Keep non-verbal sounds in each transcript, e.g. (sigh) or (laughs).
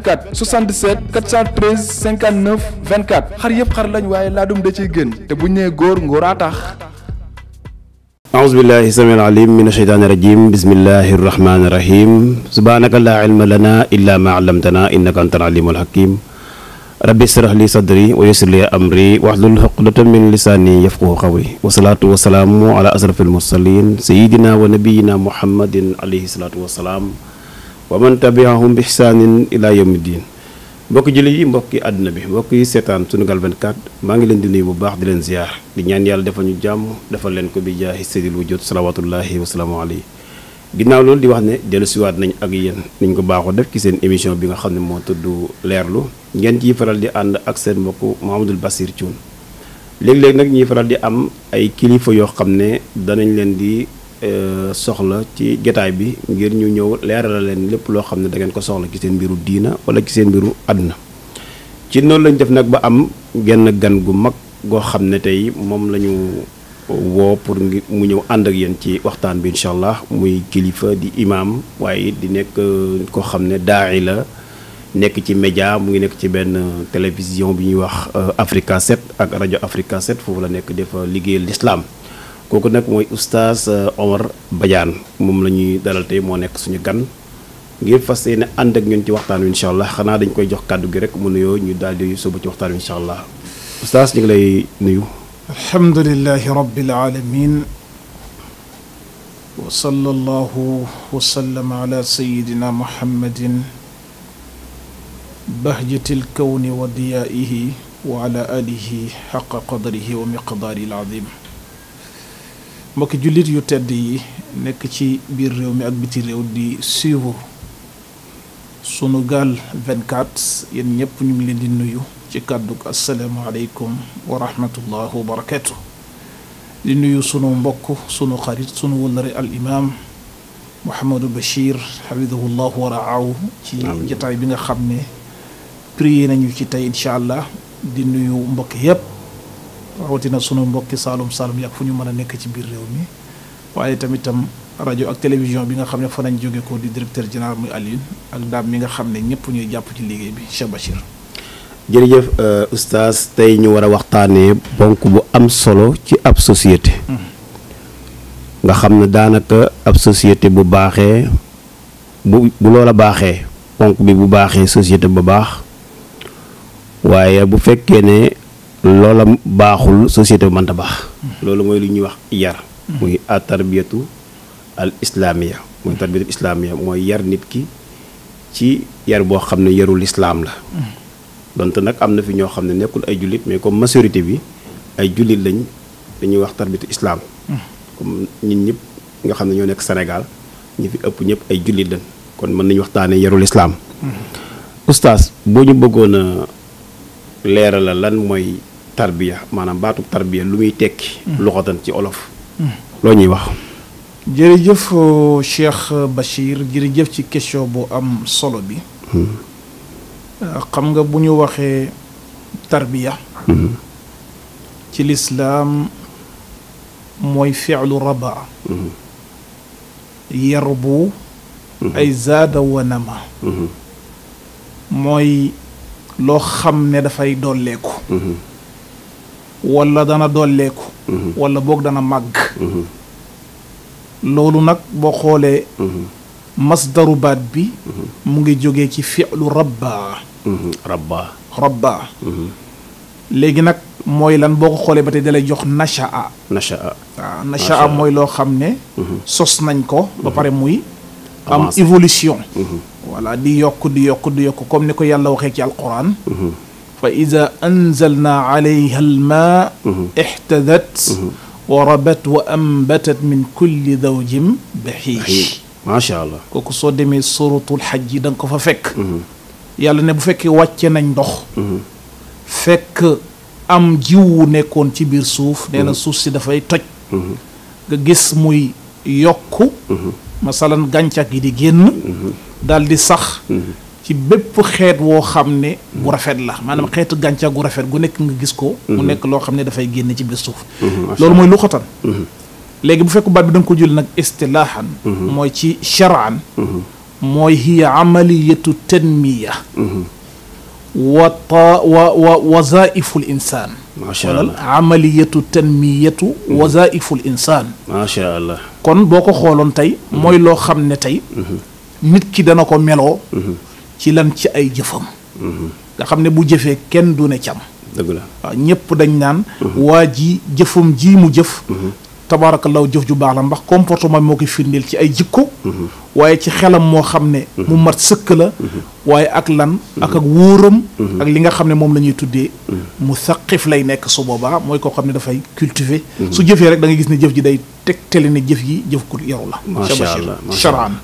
24 77 413 59 24 xar yëpp xar lañ waaye laadum da ciy gën te bu ñu nee góor ngóoraa tax. aousubillahi samiil alim min asheytaani irajim bismillahi irrahmani irahim subhaanaka laa ilma lana illa maa allamtana innaka anta alalim alhakim rabbi israh li sadri wa yassir li amri wahlul uqdatan min lisaani yafqahu qawli wasalaatu wasalaamu ala asrafil mursalin sayidina wa nabiyina muhammadin alayhi salaatu wasalaam wa man tabiahum bi ihsaanin ila yawmi diin mbokki jële yi mbokki àdduna bi mbokk yi seetaan Sunugal 24 maa ngi leen di nuyu bu baax di leen ziar di ñaan yàlla defal ñu jàmm defal leen ko bi jaahi sayyidil wujud salawaatullaahi wa salaamu alayhi ginnaaw loolu di wax ne dellu siwaat nañ ak yéen niñ ko baaxoo def ci seen émission bi nga xam ne moo tudd leerlu ngeen ciy faral di ànd ak seen mbokk Mouhamadoul Bachir Thioune léegi-léegi nag ñuy faral di am ay kilifa yoo xam ne danañ leen di Euh, soxla ci jotaay bi ngir ñu ñëw leeralal leen lépp loo xam ne da ngeen ko soxla ci seen mbiru diina wala ci seen mbiru àdduna ci noonu lañ def nag ba am genn gan gu mag goo xam ne tey moom lañu ñu woo pour mu ñëw ànd ak yéen ci waxtaan bi incha muy kilifa di imaam waaye di nekk euh, koo xam ne daay la nekk ci média mu ngi nekk ci benn télévision bi ñuy wax euh, Africa 7 ak rajo Africa set foofu la nekk dafa liggéeyal lislaam kooku nag mooy oustaz euh, Omar Badiane moom la ñuy dalal tey moo nekk suñu gan ngir fas yéene ànd ak ñun ci waxtaan wi incha xanaa dañ koy jox kàddu gi rek mu nuyoo ñu daal di sóobu ci waxtaan wi incha allah oustaz ñu ngi lay nuyu. alhamdulilahi rabbil alamin wa sallallahu wa sallama ala sayidina muhammadin bahjatil wa diyaihi wa ala alihi xaqa qadrihi wa miqdaari al mbokki jullit yu tedd yi nekk ci biir réew mi ak biti réew di suivre Sunugal 24 yéen ñëpp ñu ngi leen di nuyu ci kàddu asalaamaaleykum wa rahmatullah wa di nuyu sunu mbokk sunu xarit sunu wëllëre al imaam Mouhamadou Bachir xafidahullah wa raahu ci jataay bi nga xam ne prié nañu ci tey incha allah di nuyu mbokk yëpp. rawatina sunu mbokki Saalum Saalum yi ak fu ñu mën a nekk ci biir réew mi waaye tamitam rajo ak télévision bi nga xam ne fa nañ jóge ko di directeur général muy Alioune ak ndaam mi nga xam ne ñëpp ñuy jàpp ci liggéey bi Cheikh Bachir. jërëjëf euh, oustaz tey ñu war a waxtaanee bonk bu am solo ci ab société. Hmm. nga xam ne daanaka ab société bu baaxee bu bu loola baaxee bonk bi bu baaxee société ba baax waaye bu fekkee ne. loola baaxul société bu mënta baax loolu mooy lu ñuy wax yar muy a tarbiyatu al islaamiya mooy tarbiyatu islaamiya mooy yar nit ki ci yar boo xam ne yaru islaam la donte nag am na fi ñoo xam ne nekkul ay jullit mais comme majorité bi ay jullit lañ dañuy wax tarbiyatu islaam comme nit ñëpp nga xam ne ñoo nekk senegal ñi fi ëpp ñëpp ay jullit lañ kon mën nañu waxtaane yaru islaam mm-hmm. oustaz boo ñu bëggoon a leeralal lan mooy tarbiya maanaam baatu tarbiya lu muy tekki. Hmm. loxatan ci olof. Hmm. loo ñuy wax. jërëjëf euh, Cheikh Bachir jërëjëf ci question bu am solo bi. Hmm. Euh, xam nga bu ñu waxee tarbiya. ci lislaam mooy fi'lu raba. yarbu. ay zaada wa mooy loo xam ne dafay dolleeku. wala dana dolleeku mhm. wala boog dana màgg mhm. loolu nag boo xoolee mhm. masdaru baat bi mu ngi jógee ci fi'lu rabba rabba rabba léegi nag mooy lan boo ko xoolee ba tey dalay jox nasha'a nasha'a waaw nasha'a mooy loo xam ne sos nañ ko ba pare muy am évolution voilà di yokk di yokk di yokk comme ni ko yàlla waxee ci alquran fa ida anzalna alayha almaa ihtadat wa rabat wa ambatat min kulli zawjin bahiij macha allah kooku soo demee suratul xaj yi da nga ko fa fekk yàlla ne bu fekkee wàcce nañ ndox fekk am jiwu nekkoon ci biir suuf nee na suuf si dafay toj nga gis muy yokk masalan gàncax gi di génn daal di sax ci bépp xeet woo xam ne bu rafet la maanaam xeetu gàncax gu rafet gu nekk nga gis ko mu mhm. nekk loo xam ne dafay génn ci biir suuf mhm, loolu mooy lu xatan mhm. léegi bu fekku baat bi da ko jël nag istilaahan mooy ci sharaan mooy hiya amaliyatu tanmiya wa ta wa wa wazaifu l insaan macha allah amaliyatu tanmiyatu wazaifu l insaan macha allah kon boo ko xooloon tey mooy loo xam ne tey nit ki dana ko meloo ci lan ci ay jëfam nga xam ne bu jëfee kenn du ne cam dëgg la waaw ñëpp dañ naan waa ji jëfam ji mu jëf tabaarakallaahu jëf ju baax la mbax comportement bi moo koy firndeel ci ay jikko waaye ci xelam moo xam ne mu mat sëkk la waaye ak lan ak ak wóoram ak li nga xam ne moom la ñuy tuddee mu saqif lay nekk su boobaa mooy koo xam ne dafay cultiver su jëfee rek dangay gis ne jëf ji day teg tele ne jëf yi jëf ku yaru la macha allah charan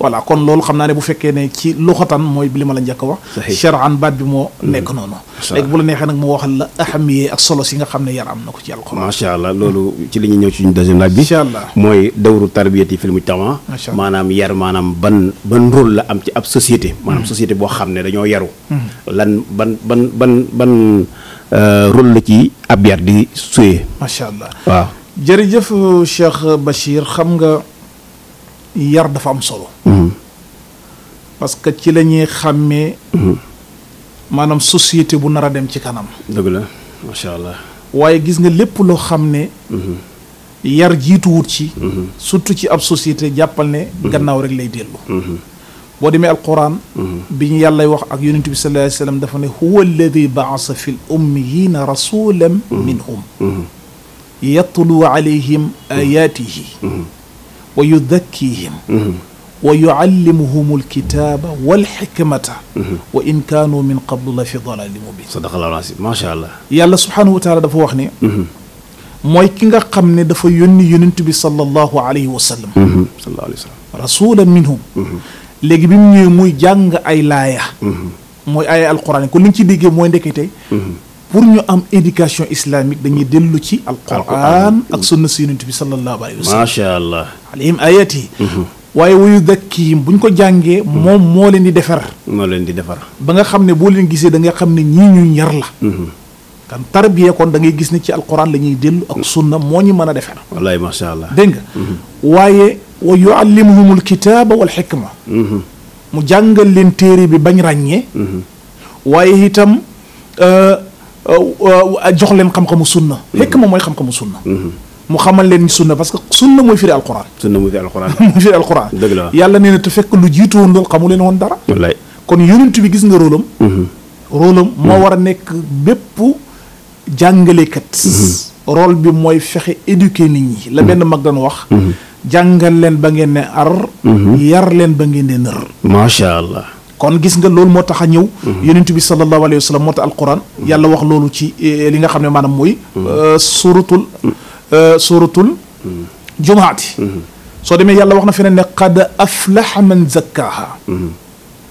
voilà kon loolu xam naa ne bu fekkee ne ci luxatan mooy li ma la njëkk a wax charan baat bi moo hmm. nekk noonu léegi bu la neexee nag mu waxal la ahamiyee ak solo si nga xam ne yar am na ko ci alxuraan macha allah loolu ci li ñu ñëw ci ñu deuxième laaj bi incha allah mooy dawru tarbiyati fil mujtama maanaam yar maanaam ban ban rôle la am ci ab société hmm. maanaam société boo xam ne dañoo yaru hmm. lan ban ban ban ban euh, rôle la ci ab yar di suyee macha allah waaw jërëjëf Cheikh Bachir yar dafa am solo. Mhm. parce que ci la ñuy xàmmee. Mhm. maanaam société bu nar a dem ci kanam. dëgg la macha allah. waaye gis nga lépp loo xam ne. Mhm. yar jiituwut ci. surtout ci ab société jàppal ne. gannaaw rek lay dellu. boo demee alquran. bi ñu yàllay wax ak yonent bi sallallahu alayhi wa sallam dafa ne huwa alladi baasa fi l ummiyina rasulan minhum yatlu alayhim ayatihi wa yuzakkihim wa yuallimuhum alkitaba walxikmata wa in kaanu min qablu la fi dalalin mubin sadaqallahu al-azim macha allah yàlla subhaanahu wa taala dafa wax ni mooy ki nga xam ne dafa yónni yonent bi sallallahu alayhi wa sallam sallallahu alayhi wa minhum léegi bi mu ñëwee muy jàng ay laaya mooy ay alquran kon li ñu ci déggee mooy ndekkee pour ñu am éducation islamique dañuy dellu ci alquran ak sunna si yonent bi sallallahu alayhi wa sallam macha allah alayhim ayati mhm. waaye wuyu dakkihim bu ñu ko jàngee mhm. moom moo leen di defar moo leen di defar ba nga xam ne boo leen gisee da nga xam ne ñii ñuy yar la mhm. kan tarbiya kon da gis ne ci alquran la ñuy dellu ak sunna moo ñu mën a defar wallaay macha allah dégg nga waaye wa yuallimuhumul kitaaba wal xikma mu jàngal leen téere bi bañ ràññee waaye itam euh, Euh, euh, jox leen xam-xamu sunna fekk mm-hmm. moom mooy xam-xamu sunna mm-hmm. mu xamal leen ñu sunna parce que sunna mooy firi alquran sunna mooy firi alquran (laughs) mooy firi alquran dëgg la yàlla nee na te fekk lu jiitu woon loolu xamu leen woon dara wallaay kon yonent bi gis nga rôlam mm-hmm. rôlam moo war a nekk bépp jàngalekat role bi mooy fexe éduquer nit ñi la benn mag doon wax jàngal leen ba ngeen ne ar yar leen ba ngeen ne nër macha allah kon gis nga loolu moo tax a ñëw mhm. yonent bi sallallahu alayhi wa sallam moo tax alquran mhm. yàlla wax loolu ci e, li nga xam ne maanaam mooy mhm. euh, suratul euh, suratul jumaati soo demee yàlla wax na feneen ne qad aflaha man zakkaha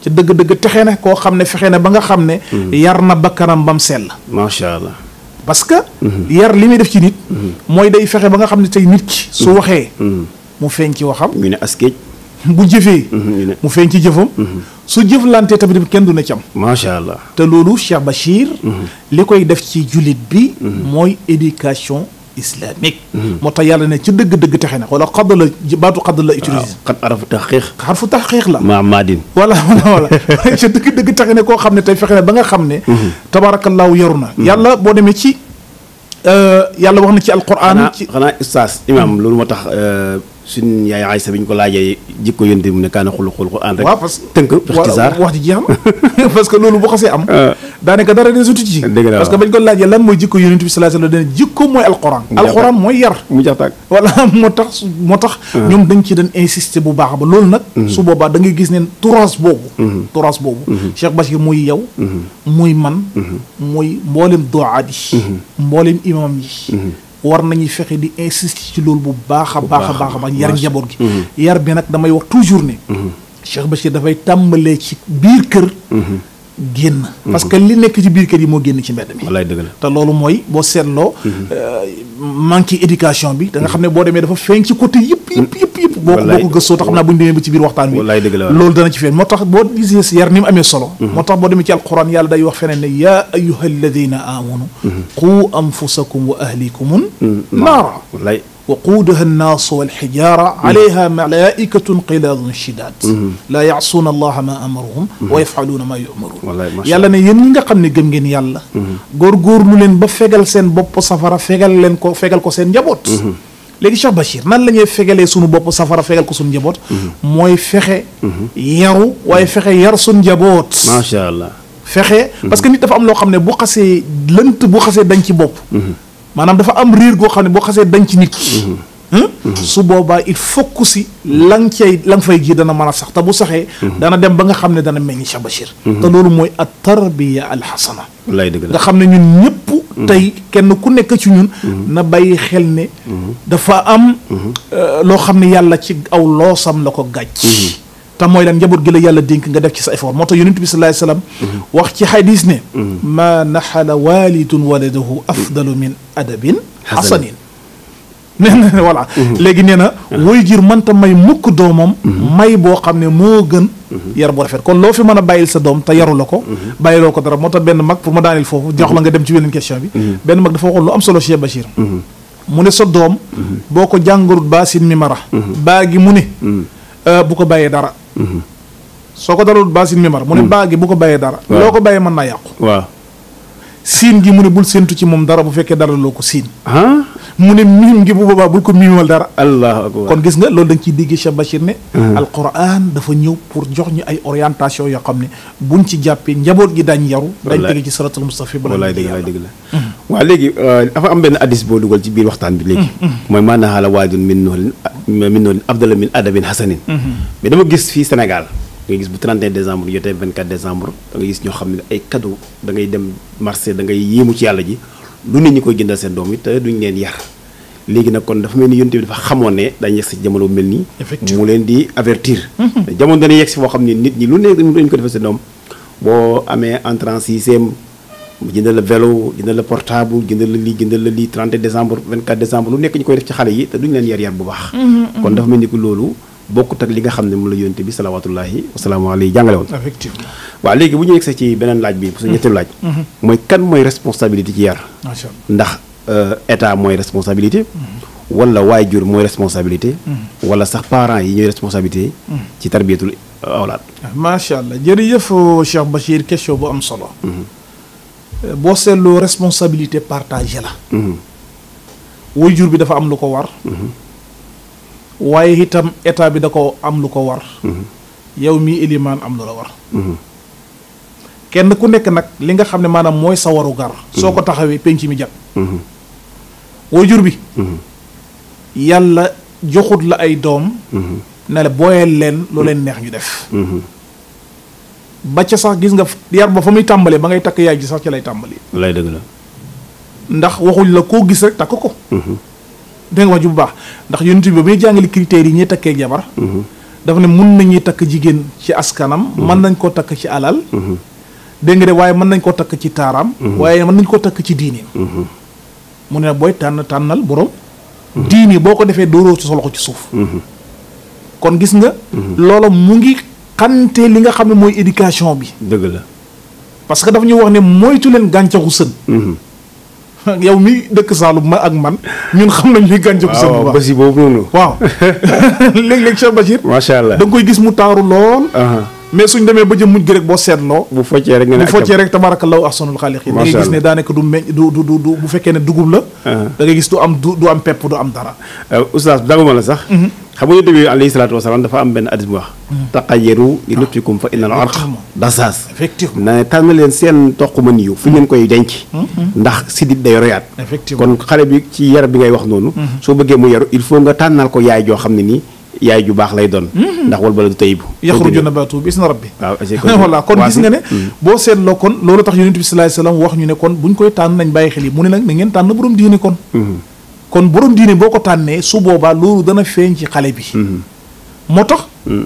ci dëgg-dëgg texe na koo xam ne fexe na ba nga xam ne yar na bakkanam bam sell macha allah parce que yar li muy def ci nit mooy day fexe ba nga xam ne tey nit ki su waxee mu feeñ ci waxam ñu ne askeej bu jëfee. Mhm, mu feeñ ci jëfam. Mhm. su jëflante tamit kenn du na cam. macha allah te loolu Cheikh Bachir. Mhm. li koy def ci jullit bi. mooy éducation islamique. moo tax yàlla ne ci dëgg-dëgg texe na wala xadd la baatu xadd la utiliser. xat arafu la. maa maadin. (laughs) voilà voilà (laughs) dëgg-dëgg texe koo xam ne tey fexe na ba nga xam ne. tabaarakallaahu yaru na. yàlla boo demee ci euh, yàlla wax na ci alquran. ci xanaa xanaa imaam loolu moo tax. Euh, suñ yaay Aysa bi ñu ko laajee jikko yonte mu ne kaana xulu xul Quraan rek. waaw que tënk ixtisaar wax ji jeex na (laughs) parce que loolu bu xasee am. Ah. daanaka dara de sutu ci. dëgg la parce que bañ ko laajee lan mooy jikko yonent bi sallallahu alayhi wasallam mooy yar mu jax taag. voilà (laughs) moo tax moo tax. Ah. ñoom dañ ci dañ insister bu baax ba loolu nag. Mm-hmm. su boobaa da ngay gis ne turas boobu. Mm-hmm. turas boobu. Mm-hmm. Cheikh Bachir muy yow. muy man. muy mboolem doaat yi. mboolem imam yi. war nañuy fexe di insister ci lool bu baax a baax a baax a baax yar njaboot gi mhm. yar bi nag damay wax toujours ne mhm. Cheikh Bachir dafay tàmbalee ci biir kër mhm. génn. Mhm. parce que li nekk ci biir kër yi moo génn ci mbedd mi. wallaay dëgg la te loolu mooy boo seetloo. Mhm. Euh, manque éducation bi. da nga mhm. xam ne boo demee dafa feeñ ci côté yëpp yëpp yëpp yëpp. boo ko boo ko gëstoo tax xam naa bu ñu demee ba ci biir waxtaan wi. wallaay dëgg la loolu dana ci feeñ moo tax boo gisee yar ni mu amee solo. moo tax boo demee ci alquran yàlla day wax feneen ne yaa ayyuha alladina amanu qu anfusakum wa ahlikum naara waquuduha annaasu walxijaara alayha malaikatun qilaadun shidaad laa yaasuuna allaha maa amaruhum wa yafaluuna ma yumaruun yàlla ne yéen ñi nga xam ne gëm ngeen yàlla góorgóorlu leen ba fegal seen bopp safara fegal leen ko fegal ko seen njaboot léegi Cheikh Bachir nan la ñuy fegalee sunu bopp safara fegal ko sunu njaboot mooy fexe waaye fexe yar sunu njaboot macha allah fexe parce que nit dafa am loo xam ne bu xasee lënt bu xasee dañ ci bopp maanaam dafa am riir goo xam ne boo xasee dañ ci nit ki mhm. Hmm? Mhm. su boobaa it faut si lan nga cay la fay ji dana mën a sax te bu saxee mhm. dana dem ba nga xam ne dana meññ Cheikh Bachir te loolu mooy at tarbiya alxasana wallaay dëgg la nga xam ne ñun ñëpp tey kenn ku nekk ci ñun na bay xel ne dafa am euh, loo xam ne yàlla ci aw loosam la ko gàcc te mooy lan njaboot gi la yàlla dénk nga def ci sa effort moo tax yonent bi sallallahu alayhi wasallam wax ci xadis ne maa naxala waalidun waladahu afdalu min adabin xasanin nee na voilà léegi nee na woy jur mënta may mukk doomam may boo xam ne moo gën yar boo rafet kon loo fi mën a bàyyil sa doom te yaru ko bàyyiloo ko dara moo tax benn mag pour ma daaneel foofu jox la nga dem ci beneen question bi benn mag dafa waxoon lu am solo Cheikh Bachir mu ne sa doom boo ko jàngarut baa sin mi mara baa Euh, bu ko bàyyee dara. Mhm. soo ko dalul baasin mimar mu ne mhm. baa gi bu ko bàyyee dara. loo ko bàyyee man naa yàqu. waaw siin gi mu ne bul séentu ci moom dara bu fekkee dara loo ko siin. mu ne miim gi bu boobaa bul ko miimal dara. allah kon gis nga loolu da nga ciy déggee Cheikh Bachir ne. alquran dafa ñëw pour jox ñu ay orientation yoo xam ne buñ ci jàppee njaboot gi dañ yaru. dañ tege ci saratul mustafi bala wallaay dëgg wallaay dëgg la. waaw euh, am benn ci biir waxtaan bi léegi. Mm-hmm. Mm-hmm. mooy hasanin. Mm-hmm. mais dama gis fii Sénégal. nga gis bu 31 décembre jotee 24 décembre da nga gis ñoo xam ne ay cadeau da ngay dem marché da ngay yéemu ci yàlla ji lu nit ñu koy jëndal seen doom yi te duñ leen yar léegi nag kon dafa mel ni yonte bi dafa xamoon ne dañ yegg si mel nii mu leen di avertir mhm. jamono dana yegg si foo xam ne nit ñi lu ne dañ ko defee seen doom boo amee entrant sixième jëndal la vélo jëndal la portable jëndal la lii jëndal la lii 30 décembre 24 décembre lu nekk ñu koy def ci xale yi te duñ leen yar yar bu baax mhm, mhm. kon dafa mel ni ko loolu bokkut ak li nga xam ne moom la yonent bi salawaatullahi wasalaamu alayhi jàngale woon. effectivement waaw léegi bu ñu yegsee ci beneen laaj bi. sa ñetteelu laaj. Mm-hmm. mooy kan mooy responsabilité ci yar. ndax euh, état mooy responsabilité. Mm-hmm. wala jur mooy responsabilité. Mm-hmm. wala sax parents yi ñooy responsabilité. ci tarbiyatul awlaad. macha allah jërëjëf Cheikh Bachir question bu am solo. Euh, boo seetloo responsabilité partage la. jur bi dafa am lu ko war. waaye itam état bi da ko am lu ko war mhm. yow mii ilimaan am lu la war mhm. kenn ku nekk nag li nga xam ne maanaam mooy sa gar mhm. soo ko taxawee penc mi jat waajur bi yàlla joxut la ay doom ne la booyal leen lu leen neex ñu def ba sax gis nga yar ba fa muy tàmbalee ba ngay takk yaay ji sax ci lay tàmbali lay dëgg la ndax waxuñ la koo gis rek takk ko dégg nga wax ju bu baax ndax yonent bi ba muy jàngale critères yi ñuy takkee jabar dafa ne mun nañu takk jigéen ci askanam mën nañ koo takk ci alal dégg de waaye mën nañ koo takk ci taaraam waaye man nañ koo takk ci diine mu ne booy tànn tànnal borom diine boo ko defee dóoroo sa loxo ci suuf kon gis nga loola mu ngi xante li nga xam ne mooy éducation bi dëgg la parce que dafa ñu wax ne moytu leen gàncaxu sën (laughs) yow mi dëkk Saalum ma ak man ñun xam nañ ñuy gàncax sa waaw waaw Basi boobu noonu. waaw (laughs) léeg-léeg Cheikh Bachir. macha allah da koy gis mu taaru lool. mais suñ demee ba jëm mujj gi rek boo seetloo. bu foccee rek nga ne bu foccee rek tabaarakallaahu ahsanul xaaliqiin. macha allah da ngay gis ne daanaka du meñ du du du bu fekkee ne dugub la. da ngay gis du am du du am pepp du am dara. Euh, oustaz daguma la sax. Mhm. xam nga yonent bi alayhi salaatu wasalaam dafa am benn hadis bu wax taqayyaru li nutfikum fa innal arq ah, dasaas na tànn leen seen toq mën yu fu ngeen koy denc hmm, hmm. ndax sidit day royaat kon xale bi ci yar bi ngay wax noonu hmm, soo bëggee mu yaru il faut nga tànnal ko yaay joo xam ne nii yaay ju baax lay doon ndax wal baladu tayyibu yaxruju nabaatu bi isna rabbi waaw (laughs) voilà kon gis nga ne boo seetloo kon loolu tax yonent bi sallallahu wax ñu ne kon buñ koy tànn nañ bàyyi xel yi mu ne nag na ngeen tànn borom diine kon kon borom diine boo ko tànnee su boobaa loolu dana feeñ ci xale bi. Mhm. moo tax. Mhm.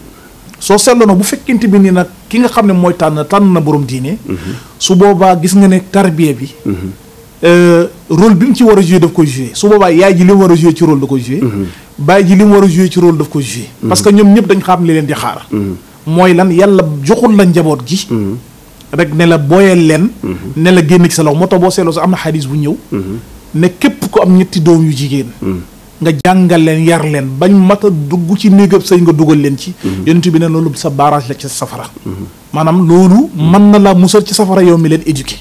soo seetloo nag bu fekkente bi ni nag ki nga xam ne mooy tànn tànn na borom diine. Mhm. su boobaa gis nga ne tarbiya bi. Euh, rôle bi mu ci war a joué daf ko joué su boobaa yaay ji li mu war a joué ci rôle ko joué. bàyyi ji li mu war a joué ci rôle daf ko joué. parce que ñoom ñëpp dañ xam li leen di xaar. mooy lan yàlla joxul la njaboot gi. rek ne la booyal leen. ne la génne ci sa loxo moo tax boo seetloo sa am na xadis bu ñëw. képp ku am ñetti doom yu jigéen mm. nga jàngal leen yar leen bañ mat a dugg ci néegab sëy nga dugal leen ci mm-hmm. yonent bi ne loolu sa barrage la ci safara mm-hmm. maanaam loolu mm-hmm. mën na la musal ci safara yow mi leen éduqué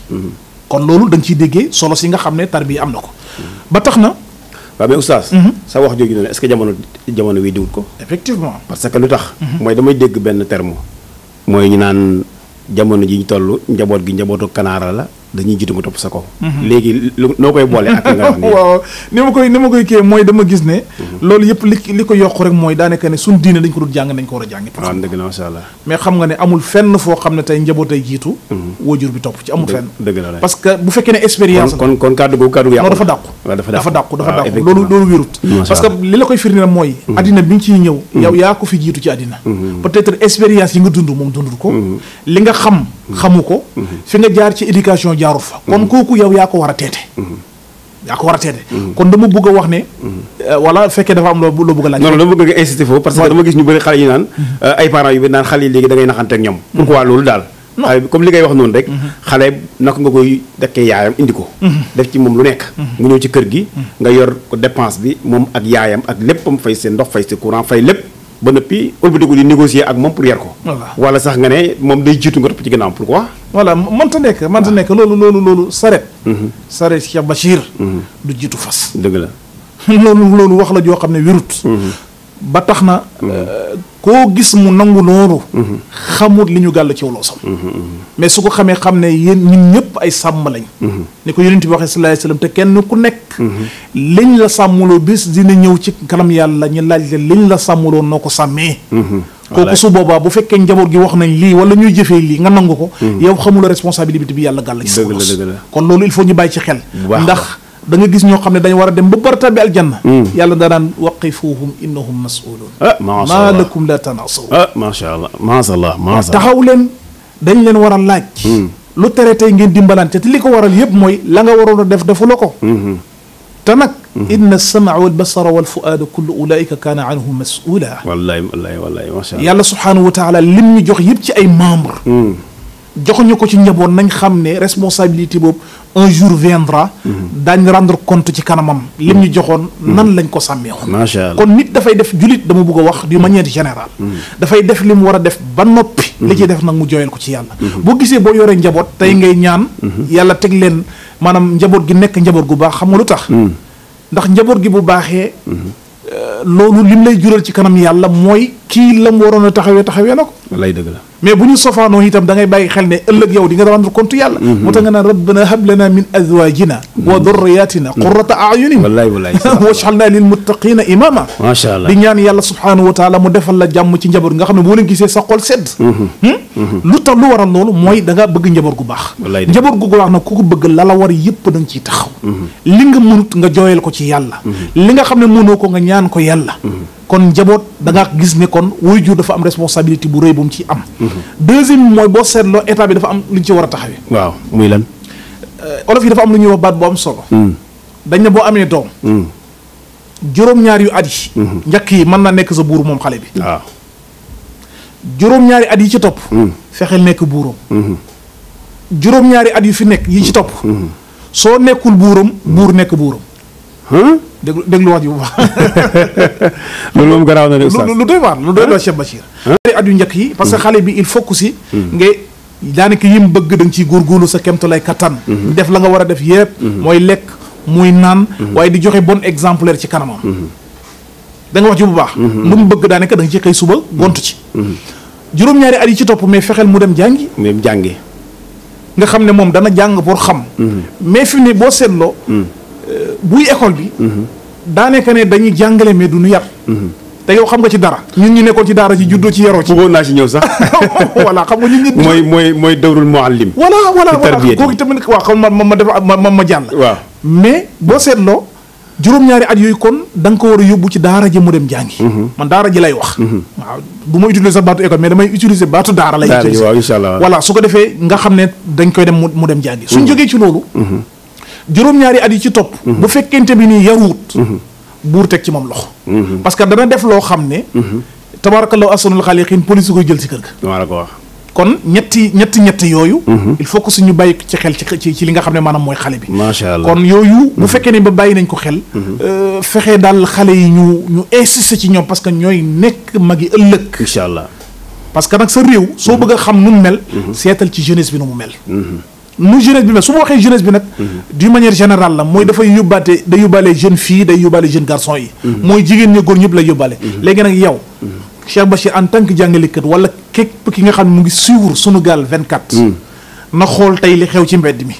kon loolu da nga ciy déggee solo si nga xam ne tarbiya am na ko ba tax na waaw mais oustaz sa wax jooju ne est-ce que jamono jamono wi diwut ko effectivement parce que lu tax mooy damay dégg benn terme mooy ñu naan jamono ji ñu toll njaboot gi njabootu kanaara la dañuy jiitu mu topp sa kaw. Mhm. léegi noo koy boole ak nga (laughs) nii. waaw ni ma koy ni mooy dama gis ne. Mhm. loolu yëpp li li ko yokk rek mooy daanaka ne suñ diine dañ ko dul jàng dañ ko war a jàng. waaw ah, dëgg la macha xam ne amul fenn foo xam ne mhm. ci amul fenn. dëgg la que bu fekkee ne expérience. kon kon kàddu googu kàddu yàqu. dafa dàqu dafa dàqu dafa dàqu dafa ah, dàqu loolu wérut. parce que li la koy firndeel mooy. addina bi ñu ciy ñëw. yow yaa ko fi jiitu ci addina. peut-être expérience yi nga dund moom dundul ko li nga xam xamu ko. fi nga jaar ci éducation jaarut fa. kon kooku yow yaa ko war a teete. yaa ko war a teete. kon dama bëgg wax ne. Euh, wala fekkee dafa am loo loo a laaj. non non dama bëgg nga insister foofu parce que dama gis ñu bëri xale yi naan. Euh, ay parents yu bëri naan xale yi léegi da naxante ak ñoom. Mm-hmm. pourquoi loolu daal. non comme li ngay wax noonu rek. Mm-hmm. xale naka nga koy dakkee yaayam indi ko. Mm-hmm. def ci moom lu nekk. mu ñëw ci kër gi. nga yor ko dépense bi moom ak yaayam ak léppam fay seen ndox fay ba noppi ëlbatiku di négocier ak moom pour yar ko. wala sax nga ne moom day jiitu nga topp ci ginnaaw pourquoi. voilà mënta nekk manta nekk loolu loolu loolu saret. Mhm. saret Cheikh Bachir. Mhm. du jiitu fas. dëgg la (laughs) loolu loolu wax la joo xam ne wérut. Mhm. ba tax na. Euh, koo gis mu nangu noonu. Mhm. xamut li ñu gàll ci wàllu mhm, mhm, mais su ko xamee xam ne yéen ñun ñëpp ay sàmm lañ. ni ko yonent bi waxee sallallahu alayhi te kenn ku nekk. liñ la sàmmloo bis dina ñëw ci kanam yàlla ñu laaj leen liñ la sàmmloo noo ko sàmmee. kooku su boobaa bu fekkee njaboot gi wax nañ lii wala ñuy jëfee lii nga nangu ko. yow xamula responsabilité bi yàlla gàll ci. dëgg la dëgg la kon loolu il faut ñu bàyyi ci xel. ndax. da nga gis ñoo xam ne dañ war a dem ba barta bi aljanna hmm. yàlla da daan waqifuhum innahum mas'ulun eh, ma lakum la tanasaw eh, macha allah macha allah taxaw leen dañ leen war a laaj hmm. lu tere tey ngeen dimbalante te li ko waral yëpp mooy la nga waroon a def defuloo ko hmm, te nag inna samaa wal basara wal fuaada kullu ulaika kaana anhu mas'ula wallahi wallahi wallahi macha allah yàlla subhanahu wa taala lim ñu jox yëpp ci ay membre joxuñu ko ci njaboot nañ xam ne responsabilité boobu un jour viendra. Mhm. daañu rendre compte ci kanamam. lim ñu joxoon mhm. nan lañ ko sàmmee woon. kon nit dafay def jullit dama bëgg a wax du mhm. manière générale. dafay def li mu war a def ba noppi. li ci def nag mu jooyal ko ci yàlla. boo gisee boo yoree njaboot tey ngay ñaan. yàlla teg leen maanaam njaboot gi nekk njaboot gu baax xam nga lu tax. ndax njaboot gi bu baaxee. Euh, loolu lim lay jural ci kanam yàlla mooy. kii lam waroon a taxawee taxawee na ko wallaay dëgg la mais bu ñu sofaanoo itam da ngay bàyyi xel ne ëllëg yow di nga rendre compte yàlla mhm. moo tax nga naan rabbana hab lana min azwajina wa mhm. durriyatina mhm. qurrata ayunin wallaay wallaay (laughs) waj'alna lil muttaqina imama macha allah di ñaan yàlla subhanahu wa taala mu defal la jàmm ci njaboot nga xam ne boo leen gisee sa xol sedd hmm? lu tax lu waral loolu mooy da bëgg njaboot gu baax njaboot gu baax nag ku ko bëgg la la war yëpp da nga ciy taxaw li nga mënut nga jooyal ko ci yàlla li nga xam ne mënoo ko nga ñaan ko yàlla kon njaboot da nga gis ne kon jur dafa am responsabilité bu rëy bu mu ci am. deuxième mooy boo seetloo état bi dafa am lu ci war a waaw muy lan. Euh, olof dafa am lu ñuy wax baat bu am solo. Hmm. dañ ne boo amee doom. Hmm. juróom-ñaar at yi. Hmm. njëkk yi mën na nekk sa buur moom xale bi. waaw juróom-ñaari at yi ci topp. fexeel nekk buuram. juróom-ñaari at yu fi nekk yi ci topp. soo nekkul buuram buur nekk buuram. déglu déglu wax ji bu baax. (laughs) loolu moom garaaw na de oustaz lu doy waar lu doy waar Cheikh Bachir. at yu njëkk yi parce que hmm. xale bi il faut que si. Hmm. ngay daanaka yim bëgg da nga ciy góorgóorlu sa kemtalaay kattan. Hmm. def la nga war a def yëpp. mooy lekk muy naan. waaye di joxe bon exemplaire ci kanamam. da nga wax ji bu baax. lu mu bëgg daanaka da nga ci xëy suba gontu ci. juróom-ñaari at yi ci topp mais fexeel mu dem jàngi. même jàngi. nga xam ne moom dana jàng pour xam. mais fi ne boo seetloo. Euh, buy école bi. daanaka ne dañuy jàngale mais du ñu yàpp mhm. te yow xam nga ci dara ñun ñu nekkoon ci daara ci juddoo ci yaroo ci bëggoon naa ci ñëw sax (laughs) voilà xam nga ñun ñi mooy mooy mooy dawrul muallim voilà voilà voilà kooku tamit waaw xam ma ma def ma ma jàll waaw mais boo seetloo juróom-ñaari at yooyu kon da ko war a yóbbu ci daara ji mu dem jàngi mhm. man daara ji lay wax mhm. waaw du ma utiliser sa baatu école mais damay utiliser baatu daara lay utiliser waaw su ko defee nga xam ne dañ koy dem mu dem jàngi suñ jógee ci loolu juróom-ñaari at yi ci topp. Mhm. bu fekkente bi nii yaruut. Mhm. buur teg ci moom loxo. Mhm. parce que dana def loo xam ne. tabaarakallaahu ahsanul xaaliqiin police koy jël ci kër ga. waaw la ko wax. kon ñetti ñetti ñetti yooyu. il faut que suñu bàyyi ci xel ci ci li nga xam ne maanaam mooy xale bi. macha allah kon yooyu. bu fekkee ne ba bàyyi nañ ko xel. Euh, fexe daal xale yi ñu ñu insister ci ñoom parce que ñooy nekk mag yi ëllëg. incha allah parce que nag sa réew. soo bëgg a xam nu mel. seetal ci jeunesse bi nu mu mel. nu jeunesse bi mel su ma waxee jeunesse bi nag. Mhm. d'une manière général la mooy mhm. dafay yóbbaate day yóbbaale jeunes filles day yóbbaale jeunes garçons yi. Mhm. mooy jigéen ñi góor ñëpp la yóbbaale. léegi nag yow. Cheikh Bachir en tant que jàngalekat wala képp ki nga xam ne mu ngi suivre Sunugal 24. na xool tey li xew ci mbedd mi.